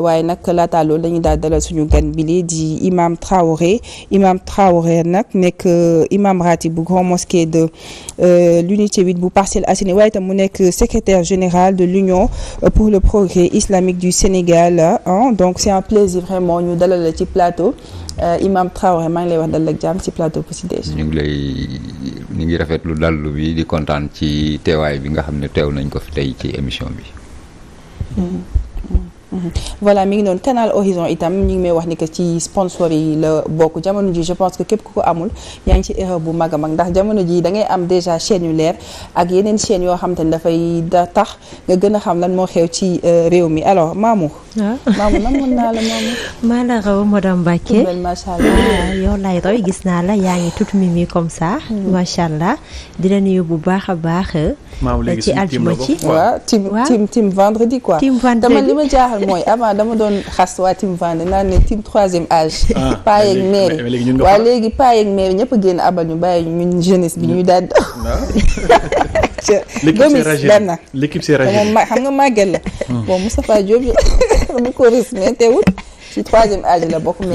waaye nag laata loolu dañuy daal dalal suñu bi bile di imam Traoré imam Traoré nag nekk euh, imam ratib bu grand mosquée de euh, l'unité 8 bu Parcelles Assainies waaye itam mu nekk secretaire général de l'union pour le progrès islamique du Sénégal hein donc c'est un plaisir vraiment ñu dalal la ci plateau euh, imam Traoré maa ngi lay wax dalal ak jàmm ci plateau Petit Déj ñu ngi lay ñu ngi rafetlu dallu bi di kontaan ci teewaay bi nga xam ne teew nañ ko fi tey ci émission bi mm-hmm. Mm-hmm. Mhm. voilà mi ngi noonu canal horizon itam ñu ngi may wax ni que ci sponsor yi la bokk jamono ji je pense que képp ku ko amul yaa ngi ci erreur bu mag a mag ndax jamono ji da ngay am déjà chaîne yu leer ak yeneen chaîne yoo xam te ne dafay da tax nga gën a xam lan moo xew ci euh, réew mi alors Mamou. waaw ah. Mamou nan mën naa la Mamou. maa la raw madame Mbacke. macha allah ah, yow lay gis naa la yaa ngi tudd mimi comme ça. Hmm. macha allah di la nuyu bu baax a baax. Euh, maamu ci aljuma ci waaw tim tim tim vendredi quoi. tim vendredi dama li ma jaaxal jaaxal mooy avant dama doon xas waa team Vendée naan ne team troisième âge. ah paa yeeg léegi paa yeeg meer yi ñëpp a génn abal ñu bàyyi mu jeunesse bi ñuy daal. Ah. gomis benn l'équipe c'est rajeuni moom xam nga màgget la. Hmm. bon Moustapha Diop bu ko risque mais teewul. ci troisième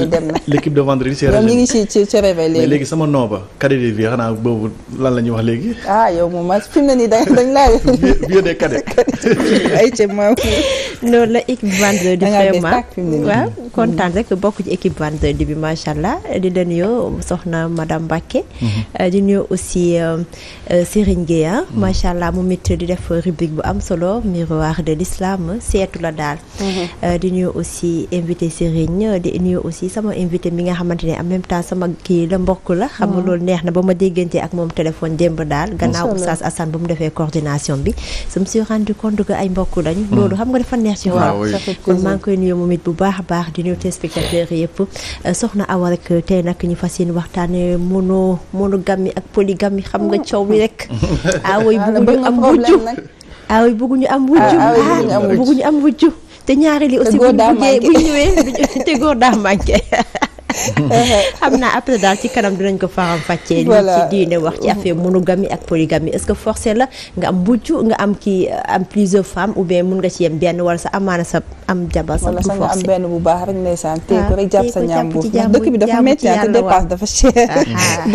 dem na. l' léegi. sama nom ba cadet bi xanaa boobu lan la ñuy wax léegi. ah yow moom ma ah, fi mu ne da dañ laa. vieux des cadets. ay ca maam. la équipe vendredi vraiment waaw kontaan rek bokk ci équipe vendredi bi macha allah di la nuyoo soxna madame Mbacke. Mhm. di nuyoo aussi euh, euh, Serigne Gueye ah. mhm. macha allah moom it di def rubrique bu am solo miroir de l'islam seetu la daal. Mhm. Euh, di nuyoo aussi invité Serigne. Serigne di nuyu aussi sama invité mi nga xamante ne en même temps sama kii la mbokk la mm. xam nga loolu neex na ba ma déggante ak moom téléphone démb daal gannaaw Oustaz Assane ba mu defee coordination bi je me suis rendu compte que ay mbokk lañu mm. loolu xam nga dafa neex ci xol kon maa ngi koy nuyu moom it bu baax a baax di nuyu téléspectateurs yëpp euh, soxna Awa rek euh, tey nag ñu fas yéene waxtaane mono monogamie ak polygamie xam nga mm. coow mi rek awoy ah ah, bëgguñu am wujju awoy ah bëgguñu am wujju te ñaari yi aussi bu ñu ñëwee te góor daa manqué xam naa après daal ci kanam du nañ ko faram fàccee. voilà ci diine wax ci affaire monogamie ak polygamie est-ce que force la nga am bujju nga am kii am plusieurs femmes ou bien mun nga ci yem benn wala sa amaana sa am jabar sa. wala sa nga am benn bu baax rek ndeysaan tee ah, ko rek jàpp sa ñaambur dëkk bi dafa métti ah, te dépasse dafa ah,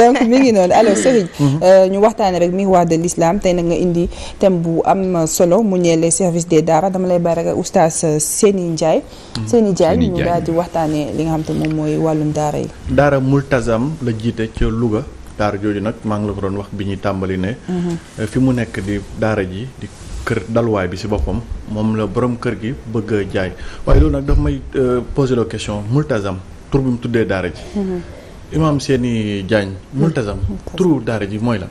mhm. euh, ñu waxtaanee rek miroir de l'islam tey nag nga indi thème bu am solo mu ñeel les services des daara dama lay bàyyi rek oustaz Seni Ndiaye. Mhm. Seni Ndiaye ñu di waxtaanee li nga xam te moom mooy wallu mboolem daara yi. daara Multazam la jiite ca Louga daara jooju nag maa ngi la ko doon wax bi ñuy tàmbali ne. Mhm. Eh, fi mu nekk di daara ji di kër dalwaay bi si boppam moom la boroom kër gi bëgg a jaay waaye loolu nag daf may eh, poser la question Multazam tur bi mu tuddee daara ji. Mhm. imaam Seyni Diagne mhm. Multazam turu daara ji mooy la.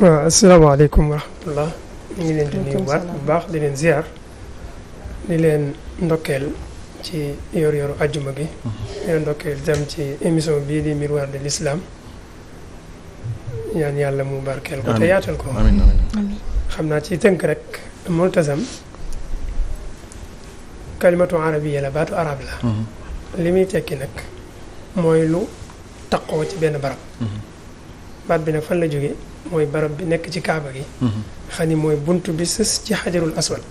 waaw asalaamaaleykum wa rahmatulah. ñu ngi leen di nuyuwaat bu baax di leen ziar di leen ndokkeel. ci yor yoru ajjuma bi mhm. leen ndokkeel tam ci émission bii di miroir de l'islam ñaan yàlla mu barkeel ko te yaatal ko xam naa ci tënk rek multasam kalimatu arabiya la baatu arab la mhm. li muy tekki nag mooy lu taqoo ci benn barab mhm. baat bi nag fan la jóge mooy barab bi nekk ci kaaba gi xam mooy bunt bi ci xajarul aswad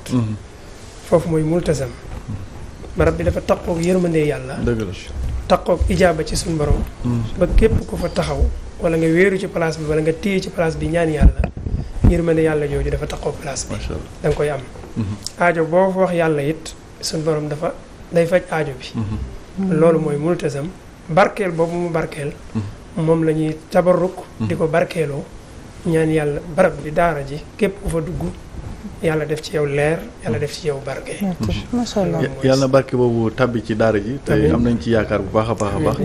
foofu mooy multasam barab bi dafa taqoog yërmande yàlla taqoog ijaaba ci suñu borom hmm. ba képp ku fa taxaw wala nga wéeru ci place bi wala nga téye ci place bi ñaan yàlla yërmande yàlla jooju dafa taqoog place bi da koy am hmm. ajo boo fa wax yàlla it suñu borom dafa day faj aajo bi hmm. loolu mooy multazam barkeel boobu mu barkeel moom la ñuy tabarruk di ko barkeeloo ñaan yàlla barab bi daara ji képp ku fa dugg yàlla def ci yow leer yàlla def ci yow barke. macha yàlla barke boobu tàbbi ci daara ji. te am nañ ci yaakaar bu baax a baax a baax.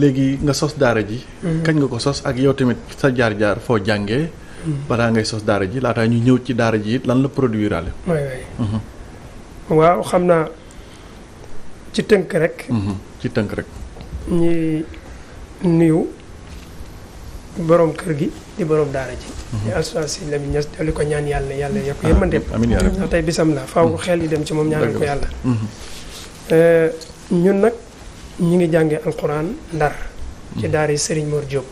léegi nga sos daara ji. Mm-hmm. kañ nga ko sos ak yow tamit sa jaar-jaar foo jàngee. Mm-hmm. balaa ngay sos daara ji laata ñu ñëw ci daara ji it lan la produire ale mm-hmm. waaw xam naa ci tënk rek. ci tënk rek. ñi nuyu. boroom kër gi di borom daara ji. Mhm. di alxuraan si Lamine Niass dolli ko ñaan yàlla yàlla yokk yërmandeem. Ah, amiin yaa tey bisam la faaw mhm. xel yi dem ci moom ñaanal ko yàlla. Mhm. Eh, nag ñu ngi jàngee alxuraan ndar. ci daara yi Serigne Mor Diop.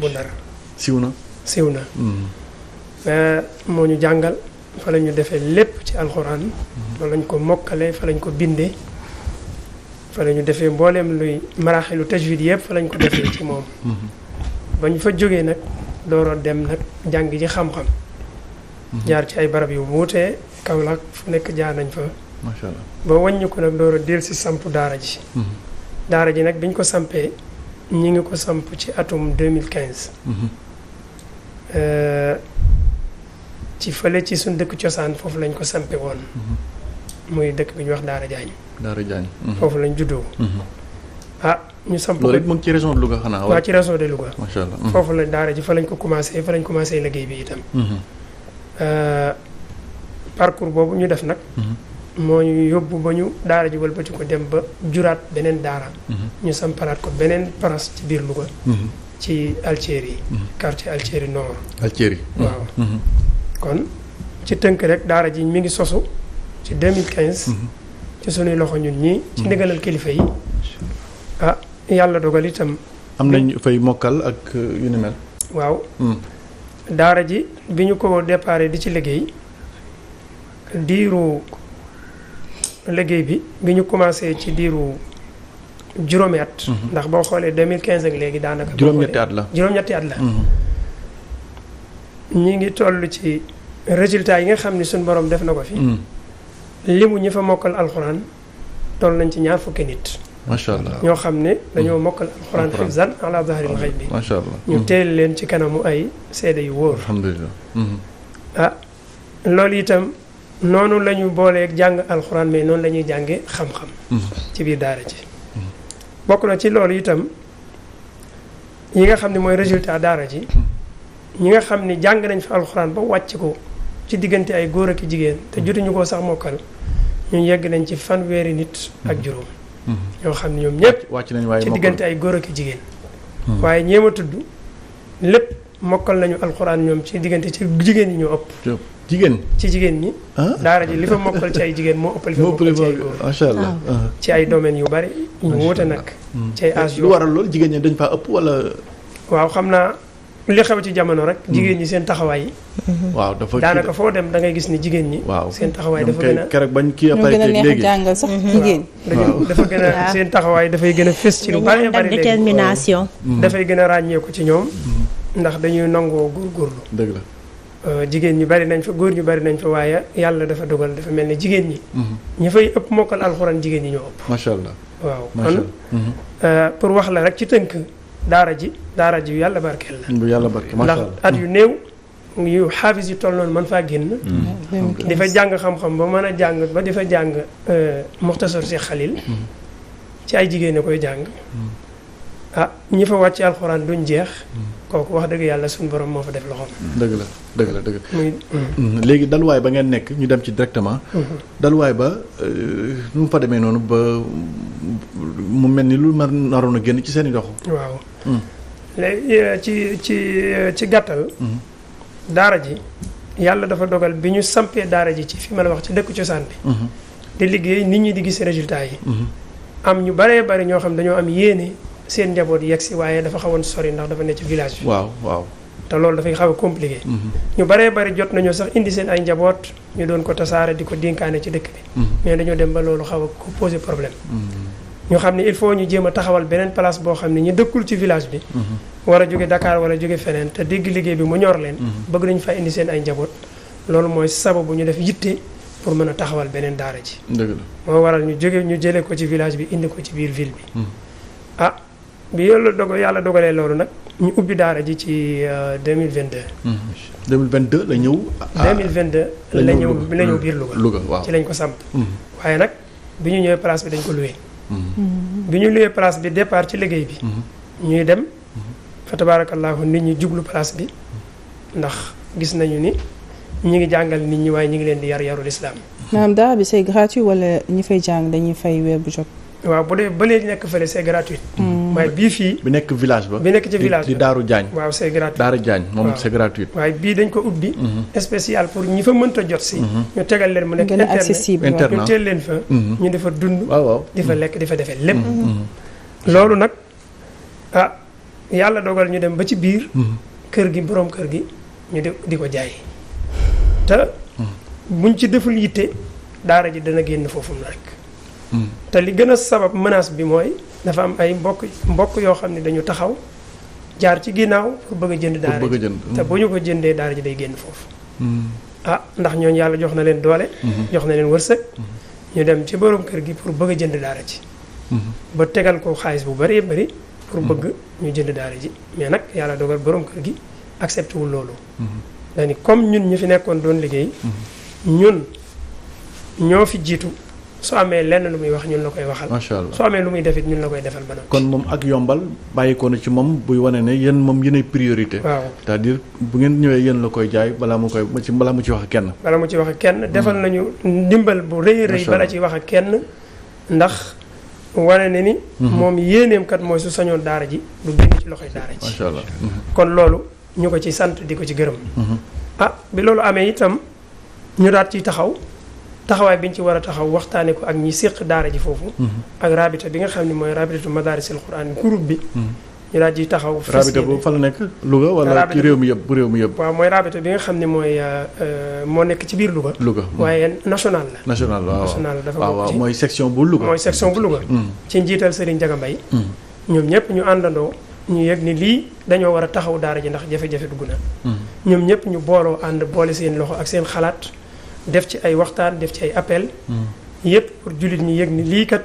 bu ndar siw na siw na. Eh, moo ñu jàngal fa la ñu defee lépp ci alxuraan. fa lañ ko mokkalee fa lañ ko bindee. fa la ñu defee mbooleem luy maraaxilu tajwid yëpp fa lañ ko defee ci moom. ba ñu fa jógee nag dooro dem nag jàng ji xam-xam. Mhm. jaar ci ay barab yu wuute Kaolack fu nekk jaar nañ fa. macha allah ba wàññi ko nag dooro del si samp daara ji. Mhm. daara ji nag biñ ko sampee ñu ngi ko samp ci atum 2015. Mhm. Euh, ci fële ci suñ dëkk cosaan foofu lañ ko sampe woon. muy dëkk bi ñuy wax Daara Jaañ. Daara Jaañ. foofu lañ juddoo. ah ñu samp loolu rek mu ci région de Louga xanaa. waaw ci région de Louga. macha allah mhm. foofu la daara ji fa lañ ko commencé fa lañ commencé liggéey bi itam. Mhm. Euh, parcours boobu ñu def nag. Mhm. moo ñu yóbbu ba ñu daara ji wëlbati ko dem ba juraat beneen daara. ñu sampalaat ko beneen place ci biir Louga. ci Algérie. quartier Algérie nord. Algérie waaw. kon ci tënk rek daara ji mi ngi sosu ci 2015. ci sunuy loxo ñun ñii. ci ndigalal kilifa yi yàlla dogal itam. am na ñu fay mokkal ak uh, yu ni mel. waaw. Hmm. daara ji bi ñu ko déparé di ci liggéey diiru léggéey bi bi ñu commencé ci diiru juróomi at. Hmm. ndax boo xoolee 2015 ak léegi daanaka. juróom-ñetti at la juróom-ñetti at la. Hmm. ñi ngi toll ci résultat yi nga xam ni suñu borom def na ko fi. limu ñi fa mokkal alxuraan toll nañ ci ñaar fukki nit. macha allah ñoo xam ne dañoo mm. mokkal alxuraan xifzan ala zahril xayb bi macha ñu mm. teel leen ci kanamu ay seede yu wóor alhamdulilah mm-hmm. ah loolu itam noonu lañuy booleek booleeg jàng alxuraan mais noonu lañuy ñuy jànge xam-xam mm-hmm. ci biir daara ji mm-hmm. bokk na ci loolu itam yi nga xam ne mooy résultat daara ji ñi nga xam ni jàng nañ fi alxuraan ba wàcc ko ci diggante ay góor ak jigéen te jotuñu ko sax mokkal ñun yegg nañ ci fanweeri nit ak juróom yoo xam ne ñoom ñëpp wàcc nañ waaye ci diggante ay góor ak jigéen hmm. waaye ñeem a tudd lépp mokkal nañu alxuraan ñoom ci diggante ci jigéen ñi ñoo ëpp jigéen ci jigéen ñi ah? daara ji li fa mokkal ci ay jigéen moo ëppal fi mokkal ci ay góor macha allah ah. Ah. ci ay domaines yu bari ñu wuute nag hmm. ci ay âge yu lu waral loolu jigéen ñi dañ faa ëpp wala waaw xam naa li xew ci jamono rek. Mm. jigéen ñi seen taxawaay yi. Mm-hmm. waaw dafa daanaka foo dem da ngay gis ni jigéen ñi. waaw seen taxawaay dafa gën a keroog bañ kii appareil léegi a neex mm-hmm. dafa gën a seen taxawaay dafay gën a fës ci lu bari bari léegi mm-hmm. dafay gën a ràññeeku ci ñoom. ndax dañuy nangoo góor dëgg la euh, jigéen ñi bari nañ fa góor ñu bari nañ fa waaye yàlla dafa dogal dafa mel ni jigéen ñi. ñi fay ëpp mokkal alxuraan jigéen ñi ñoo ëpp. macha allah waaw kon euh, pour wax la rek ci tënk daara ji daara ji yu yàlla barkeel la ndax at yu néew yu xaafis yu toll noonu man faa génn mm. Mm. di fa jàng xam-xam ba mën a jàng ba di fa jàng euh, muxtasar si xalil mm. ci ay jigéen a koy jàng ah ñi fa wàcc alxuraan duñ jeex kooku wax dëgg yàlla suñ borom moo fa def loxo dëgg la dëgg la dëgg la. léegi daluwaay ba ngeen nekk ñu dem ci directement. Mm-hmm. daluwaay ba euh, nu mu fa demee noonu ba mu mel ni lu ma naroon a génn ci seen i dox. waaw léegi eh, ci ci eh, ci gàttal. daara ji yàlla dafa dogal bi ñu sampee daara ji ci fi ma la wax ci dëkku cosaan bi. di liggéey nit ñi di gisee résultat yi. am ñu baree bari ñoo xam dañoo am yéene seen njaboot yegg si waaye dafa xawoon sori ndax dafa ne ci village bi. waaw waaw. te loolu dafay xaw a compliqué. ñu bare bari jot nañoo sax indi seen ay njaboot ñu doon ko tasaare di ko dinkaane ci dëkk bi. Mm-hmm. mais dañoo dem ba loolu xaw a ko poser problème. ñu xam ne il faut ñu jéem a taxawal beneen place boo xam ne ñu dëkkul ci village bi. Mhm. war a jóge Dakar war a jóge feneen te dégg liggéey bi mu ñor leen. Mhm. bëgg nañu fa indi seen ay njaboot. loolu mooy sababu ñu def yitte pour mën a taxawal beneen daara ji. dëgg la moo waral ñu jóge ñu jëlee ko ci village bi indi ko ci biir ville bi. Mhm. ah bi yàlla dogo yàlla dogalee loolu nag ñu ubbi daara ji ci 2022. Euh, 2022 la ñëw. 2022 ah, la ñëw la ñëw biir Louga. Louga waaw ci lañ ko samp. waaye nag bi ñu ñëwee place bi dañ ko loué. bi ñu luyee place bi départ ci liggéey bi. ñuy dem. fa tabaarakallaahu nit ñi jublu place bi ndax gis nañu ni ñu ngi jàngal nit ñi waaye ñu ngi leen di yar yarul islam. maanaam daara bi c'est gratuit wala ñi fay jàng dañuy fay weer bu jot. waaw bu dee ba léegi nekk fële c'est gratuit. Hmm. waaye bii fii. bi nekk village ba. bi nekk ci village ba di Daaru Diagne. waaw c'est gratuit Daaru Diagne moom c'est gratuit. waaye bii dañ ko ubbi. Mhm. spécial pour ñi fa mënta jot si. Mhm. ñu tegal leen mu nekk internet ñu teel leen fa. Mhm. ñu di fa dund. waaw waaw di fa lekk di fa defee lépp. loolu nag ah yàlla dogal ñu dem ba ci biir. kër gi borom kër gi ñu di di ko jaay te. buñ ci deful yitte daara ji dana génn foofu rek. te li gën a sabab menace bi mooy. dafa am ay mbokk mbokk yoo xam ne dañu taxaw jaar ci ginnaaw pour bëgg jënd daara ji te bu ñu mm-hmm. ko jëndee daara ji day génn foofu mm-hmm. ah ndax ñooñu yàlla jox na leen doole mm-hmm. jox na leen wërsëg ñu dem ci boroom kër gi pour bëgg jënd daara ji ba tegal ko xaalis bu bari bari pour bëgg ñu jënd daara ji mais nag yàlla dogal boroom kër gi accepté wul loolu dani comme ñun ñu fi nekkoon doon liggéey ñun ñoo fi jiitu su amee lenn lu muy wax ñun la koy waxal. macha allah su amee lu muy defit ñun la koy defal ba kon moom ak yombal bàyyi ko na ci moom buy wane ne yéen moom yéenay priorité. waaw cest à bu ngeen ñëwee yéen la koy jaay balaa mu koy mu ci mu ci wax ak kenn. balaa mu ci wax ak kenn hmm. defal nañu ndimbal bu rëy rëy. bala ci wax a kenn ndax wane ne ni. Hmm. moom yéeneem mooy su sañoon daara ji du génn ci loxoy daara ji. Hmm. kon loolu ñu ko ci sant di ko ci gërëm. a ah, bi loolu amee itam ñu daat ci taxaw. taxawaay bi ñu ci war a taxaw waxtaanee ko ak ñi séq daara ji foofu. Mhm. ak rabita bi nga xam ne mooy rabitatu madaarisil quraan groupe bi. Mhm. ñu daal di taxaw. fas boobu fa la nekk luga wala ci réew mi yëpp bu réew mi yëpp. waaw mooy rabita bi nga xam ne mooy euh, euh, moo nekk ci biir Louga. Louga mhm. waaye national la. national waaw dafa bokk ci mooy section bu Louga. mooy bu Louga. ci njiital Serigne Jaga Mbay. ñoom ñëpp ñu àndandoo. ñu yëg ni lii dañoo war a taxaw daara ji ndax jafe-jafe dugg na. ñoom ñëpp ñu booloo ànd boole seen loxo ak seen xalaat def ci ay waxtaan def ci ay appel hmm. yépp pour jullit ñi yëg ni lii kat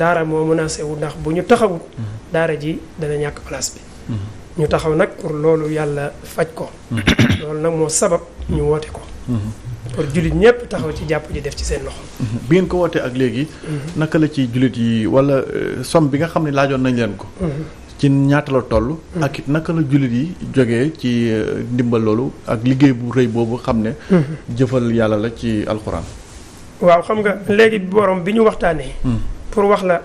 daara moo mën menacé wu ndax bu ñu taxawut hmm. daara ji dana ñàkk place bi hmm. ñu taxaw nag pour loolu yàlla faj ko loolu nag moo sabab ñu woote ko pour jullit ñëpp taxaw ci jàpp ji def ci seen loxo bi ngeen ko woote ak léegi naka la ci jullit yi wala euh, somme bi nga xam ne laajoon nañ leen ko ci ñaata la toll. Mm. ak naka la jullit yi jógee ci euh, ndimbal loolu ak liggéey bu rëy boobu xam ne. Mm-hmm. jëfal yàlla la ci alxuraan. waaw xam nga léegi borom bi ñu waxtaanee. Mm. pour wax la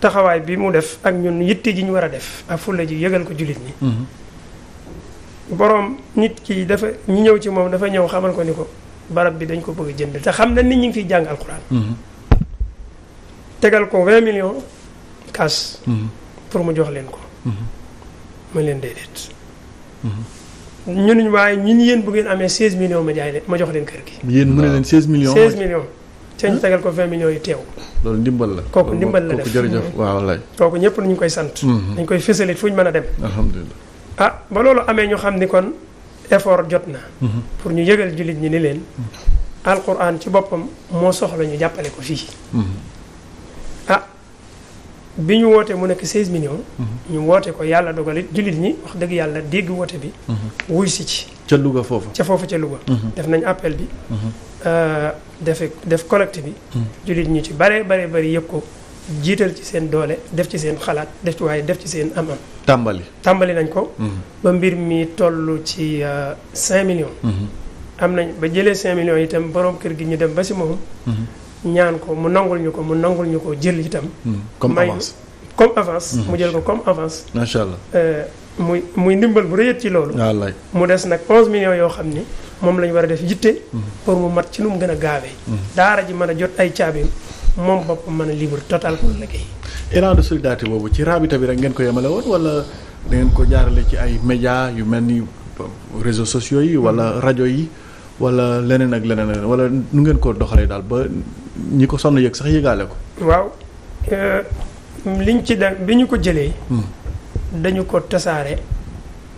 taxawaay bi mu def ak ñun yitte ji ñu war a def ak fulla ji yégal ko jullit ñi. Mm-hmm. borom nit ki dafa ñu ñëw ci moom dafa ñëw xamal ko ni ko barab bi dañ ko bëgg a jënd te xam na nit ñu ngi fiy jàng alxuraan. Mm-hmm. tegal ko 20 millions kaas. pour mu jox leen ko. Mm-hmm. ma leen déedéet. Mm-hmm. ñun waaye ñun yéen bu ngeen amee 16 millions ma jaay ma jox leen kër gi. yéen mu ne leen 16 millions. 16 millions. ca ñu mm-hmm. tegal ko 20 millions yi teew. loolu ndimbal la kooku ndimbal la def kooku jërëjëf waaw lay. kooku ñëpp ñu koy sant. dañ koy fësalit fu ñu mën a dem. alhamdulilah ah ba loolu amee ñu xam ni kon effort jot na. pour ñu yëgal jullit ñi ni leen. alquran ci boppam moo soxla ñu jàppale ko fii. bi ñu wootee mu nekk 16 millions. Mhm. ñu woote ko yàlla dogal it jullit ñi wax dëgg yàlla dégg woote bi. Mhm. wuy si ci. ca Louga foofu ca foofu ca Louga. Mhm. def nañ appel bi. Euh, defe def collecte bi. jullit ñu ci bare bare bari yëpp ko jiital ci seen doole def ci seen xalaat def ci waaye def ci seen am-am. tàmbali tàmbali nañ ko. ba mbir mi toll ci 5 euh, million am nañ ba jëlee 5 millions itam borom kër gi ñu dem ba si moom. ñaan ko mu nangul ñu ko mu nangul ñu ko jël itam. Hmm. comme avance comme avance. Hmm. mu jël ko comme avance. macha allah euh, muy muy ndimbal bu rëyat ci loolu. mu des nag 11 millions yoo xam ni moom lañu war a def yitte. Hmm. pour mu mat ci lu mu gën a gaawee. daara ji mën a jot ay caabi moom boppam mën a libre total pour liggéey. élan de solidarité boobu ci rabita bi rek ngeen ko yemale woon wala dangeen ko jaarale ci ay médias yu mel ni réseaux sociaux yi walla rajo yi wala leneen ak leneen wala nu ngeen ko doxalee daal ba. ñi ko sonn yëg sax yëgaale ko. waaw euh, liñ ci daan bi ñu ko jëlee. Hmm. dañu ko tasaare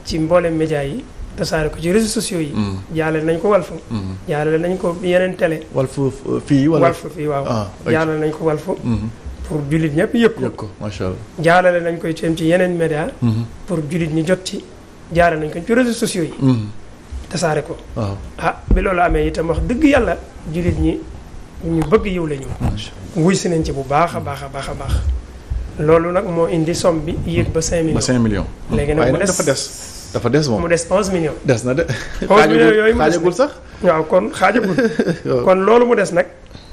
ci mboole média yi tasaare ko ci réseaux sociaux yi. Hmm. jaarale nañ ko walfu. Hmm. jaarale nañ ko yeneen télé. walfu fii wala walfu fii waaw. Ah, jaarale nañ ko walfu. pour jullit ñëpp yëg ko. yëg ko macha allah. nañ koy ci yeneen média. pour jullit ñi jot ci. jaarale nañ ko ci réseaux sociaux yi. tasaare ko. Ah, bi loolu amee itam wax dëgg yàlla jullit ñi. ñu bëgg yiw lañu wuy si nañ ci bu baax a baax a baax a baax loolu nag moo indi some bi yéeg ba cinq millions ba cinq millions léegi nag mu des dafa des dafa des moom mu des onze millions des na de onze yooyu mu xaajagul sax waaw kon xaajagul kon loolu mu des nag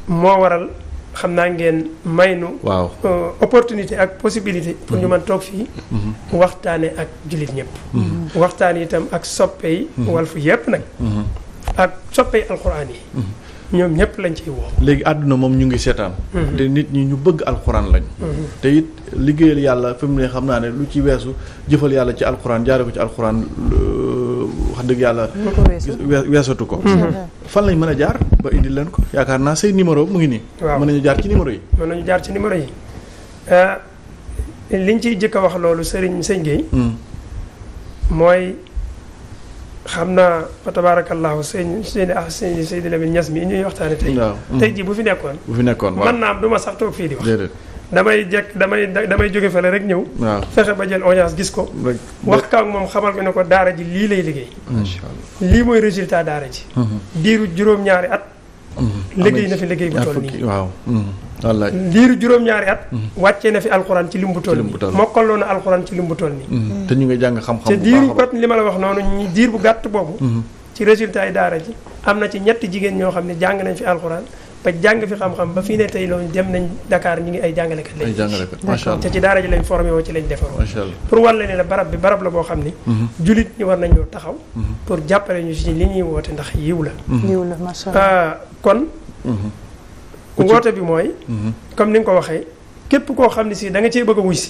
moo waral xam naa ngeen may nu waaw euh, opportunité ak possibilité pour ñu mm-hmm. mën toog fii mm-hmm. waxtaane ak jullit ñëpp mm-hmm. waxtaan itam ak soppe yi Walf yépp nag ak soppe yi alxuraan yi ñoom ñëpp lañ ciy woo. léegi àdduna moom ñu ngi seetaan. Mm-hmm. te nit ñi ñu bëgg alxuraan lañ. Mm-hmm. te it liggéeyal yàlla fi mu xam naa ne lu ci weesu jëfal yàlla ci alxuraan jaare ko ci alxuraan euh, wax dëgg yàlla. weesatu ko. Mm-hmm. fan lañ mën a jaar ba indi leen ko yaakaar naa say numéro mu ngi nii. waaw mën nañu jaar ci numéro yi. mën nañu jaar ci numéro yi euh, liñ ciy jëkk a wax loolu Serigne Sëñ Gueye. Mm. mooy. xam naa fa tabaarakallaahu sëñ sëñ ah sëñ Seydi Lamine Niass mi ñuy waxtaane tey tey ji bu fi nekkoon bu fi nekkoon waaw man naa am du sax toog fii di wax damay jekk damay damay jóge fële rek ñëw waaw fexe ba jël audience gis ko wax kaw moom xamal ko ne ko daara ji lii lay liggéey lii mooy résultat daara ji mhm. diiru juróom-ñaari at Mm-hmm. liggéey na fi liggéey bu toll nii waaw diir mm-hmm. juróom-ñaari at mm-hmm. wàccee na fi alxuraan ci lim bu toll nii mokkaloo na alxuraan ci lim bu toll nii te ñu ngi jàng xam-xam te diiru li ma la wax noonu ñu diir bu gàtt boobu ci résultat yi daara ji am na ci ñett jigéen ñoo xam ne jàng nañ fi alxuraan ba jàng fi xam-xam ba fii ne tey loolu dem nañ Dakar ñu ngi ay jàngalekat lañ. ay jàngalekat macha allah te ci daara ji lañ formé ci lañ defaroo. pour war la ne la barab bi barab la boo xam ni. Mhm. jullit ñi war nañoo taxaw. Mhm. pour jàppale ñu si li ñuy woote ndax yiw la. Mhm. yiw la macha allah ah, kon. woote bi mooy. comme ni nga ko waxee képp koo xam ne si da nga cee bëgg a wuy si.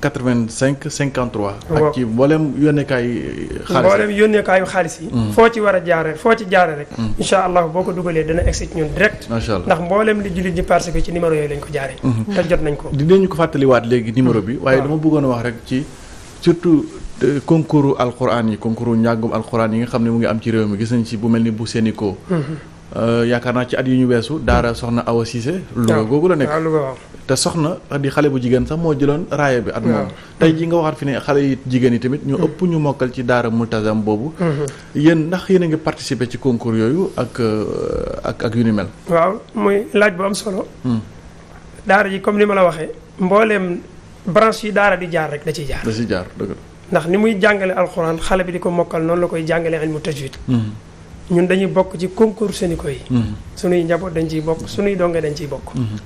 85 53. ak ci mboolem yónneekaay xaalis mboolem yónneekaayu xaalis yi. Mm-hmm. foo ci war a jaare foo ci jaare rek. Mm-hmm. incha allah boo ko dugalee dana egsi ci ñun direct. macha allah ndax mboolem li jullit ñi parce que ci numéro yooyu lañ ko jaaree. Mm-hmm. te jot nañ ko. dinañu ko fàttaliwaat léegi numéro bi. waaye dama bëggoon a wax rek ci surtout euh, concours alquran yi concours njàngum alquran yi nga xam ne mu ngi am ci réew mi gis nañ ci bu mel ni bu Sénico. Euh, yaakaar naa ci at yu ñu weesu daara soxna Awa Cissé Louga googu la nekk te soxna di xale bu jigéen sax moo jëloon raaya bi at moom tey ji nga waxaat fi ne xale yi jigéen yi tamit ñu hmm. ëpp ñu mokkal ci daara multazam boobu hmm. yéen ndax yéen a ngi participer ci concours yooyu ak euh, ak ak yu ni mel waaw muy laaj bu am solo hmm. daara ji comme ni ma la waxee mbooleem branche yi daara di jaar rek da ci jaar da ciy jaar dëgg ndax ni muy jàngale alxuraan xale bi di ko mokkal noonu la koy jàngale ilmu tajwid ñun dañuy bokk ci concours Senico yi. Mhm. sunuy njaboot dañ ciy bokk sunuy donge dañ ciy bokk. Mhm.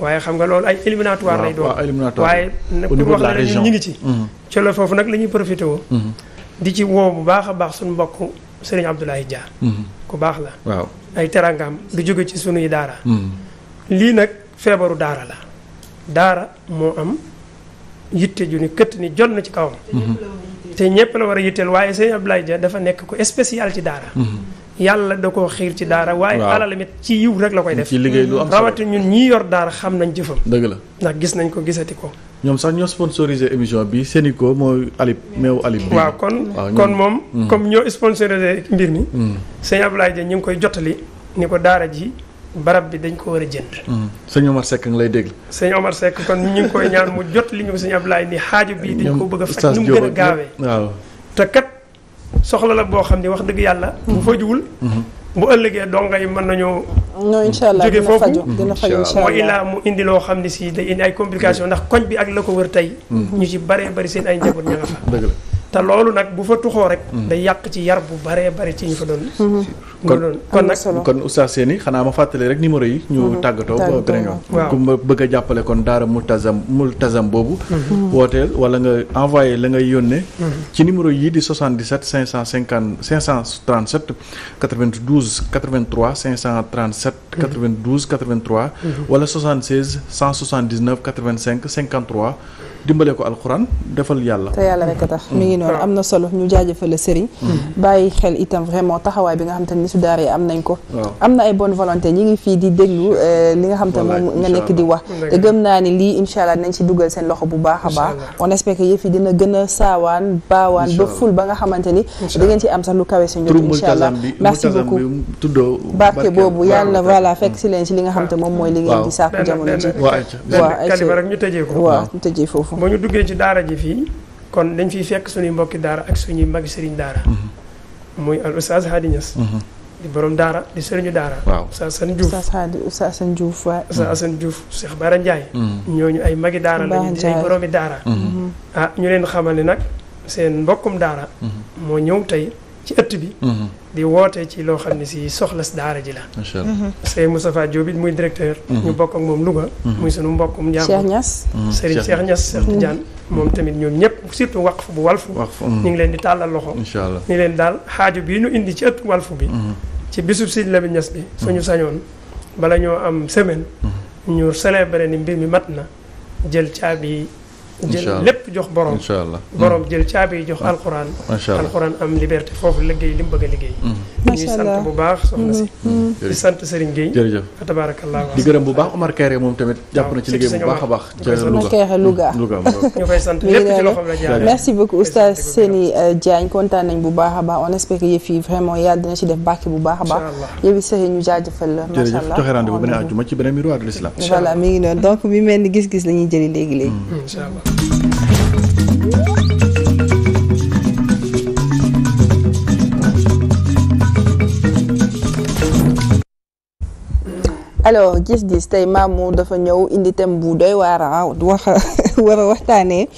waaye xam nga loolu ay éliminatoire lay doon waaye pour wax la ñun ñu ngi ci. Mhm. ci foofu nag la ñuy profité woo. di ci woo bu baax a baax suñu mbokk Serigne Abdoulaye Dia. ku baax la. waaw ay terangaam du jóge ci sunuy daara. lii nag feebaru daara la. daara moo am yitte ju ni këtt ni jot na ci kaw te ñëpp la war a yitteel waaye Serigne Abdoulaye Dia dafa nekk ko spécial ci daara. yàlla da koo xiir ci daara waaye alal mit ci yiw rek la koy def ci liggéey lu am solo rawati ñun ñi yor daara xam nañ jëfam dëgg la ndax gis nañ ko gisati ko ñoom sax ñoo sponsorisé émission bi ko mooy alib meew alib bi waaw kon kon moom mm. comme ñoo sponsorisé mbir mi mm. sëñ Abdoulaye Dieng ñu ngi koy jottali ni ko daara ji barab bi dañ ko war a jënd mm. sëñ Omar Seck nga lay dégg sëñ Omar sekk kon ñu ngi koy ñaan mu jot li ñu sëñ Abdoulaye ni xaaju bi dañ ko bëgg a faj nu soxla la boo xam ne wax dëgg yàlla. bu mhm. fajuwul. Mhm. bu ëllëgee donga yi mën nañoo. non incha allah jóge foofu dina faju incha allah mu indi loo xam ne si day indi ay complications ndax koñ bi ak la ko wër tey. Mhm. ñu ci bare bari seen ay njaboot ña nga fa. te loolu nag bu fa tuxoo rek. Mm. day yàq ci yar bu baree bari ci ñu fa doon. Mm-hmm. kon kon nag kon oustaz Seyni xanaa ma fàttalee rek numéro yi. ñu mm-hmm. tàggatoo ba beneen yoon. ku ma bëgg a jàppale kon daara multazam multazam boobu. Mm-hmm. wooteel wala nga envoyé la ngay yónnee. ci numéro yii di 77 550 537 92 83 537 92 83. wala 76 179 85 53. dimbalee ko alxuraan defal yàlla. te yàlla rek a tax mm. mi ngi noonu ah. am na solo ñu jaajëfal sëriñ. Mm. bàyyi xel itam vraiment taxawaay bi nga xam te ne su daara yi am nañ ko. am na ay bonne volonté ñi ngi fii di déglu euh, li nga xam te moom nga nekk di wax. te gëm naa ni lii incha allah nañ ci dugal seen loxo bu baax a baax. on espère dina gën a saawaan baawaan ba ful ba nga xamante ni. da ngeen ci am sax lu kawe sa njot incha allah merci beaucoup tuddoo barke boobu yàlla voilà fekk mm. si leen ci li nga xam te moom mooy li ngeen di sàkku jamono ji waaw waaw ñu tëjee foofu bu ñu duggee ci daara ji fii kon dañ fiy fekk suñuy mbokki daara ak suñuy magi sëriñ daara mm-hmm. muy al oustaz Hady Niass mm-hmm. di borom daara di sëriñu daara waaw oustaz Assane Diouf oustaz Assane Diouf waaw oustaz Assane Diouf Cheikh Bara Ndiaye mm-hmm. ñooñu ay magi daara lañu di ay boroomi daara ah ñu leen xamal ni nag seen mbokkum daara moo ñëw tey ci ëtt bi. Mhm. di woote ci loo xam ne si soxla si daara ji la. macha mhm. allah Sey Moustapha Diop muy directeur. Mhm. ñu bokk ak moom Louga. muy sunu mbokkum Ndiamb. Cheikh Niass. Serigne Cheikh Niass Cheikh Tidiane. moom tamit ñoom ñëpp wax fu bu walfu. ñu ngi leen di tàllal loxo. incha allah ñu leen daal xaaju bii ñu indi ci ëtt walfu bi. ci bisub Sidi Lamine Niass bi. suñu sañoon bala ñoo am semaine. ñu célébrer ni mbir mi mat na jël caabi. jël lépp jox borom mm. borom jël caabi yi jox mm. alxuraan alxuraan am liberté foofu liggéey li mu bëgg a liggéey mm. ñuy sant bu baax soxna si di sant Serigne Gueye jërëjëf tabaarakallaa di bu baax Omar Kéré moom jàpp na ci liggéey bu baax a baax ca Louga Louga ñu koy sant lépp ci loxoom euh, bu baax a baax on espère que yëf bu baax a baax yow la beneen àjjuma ci beneen miroir de mi ngi noonu donc mi mel ni gis-gis la ñuy jëli léegi léegi alors gis-gis tey Mamour dafa ñëw indi thème bu doy waar ah, wax war a waxtaanee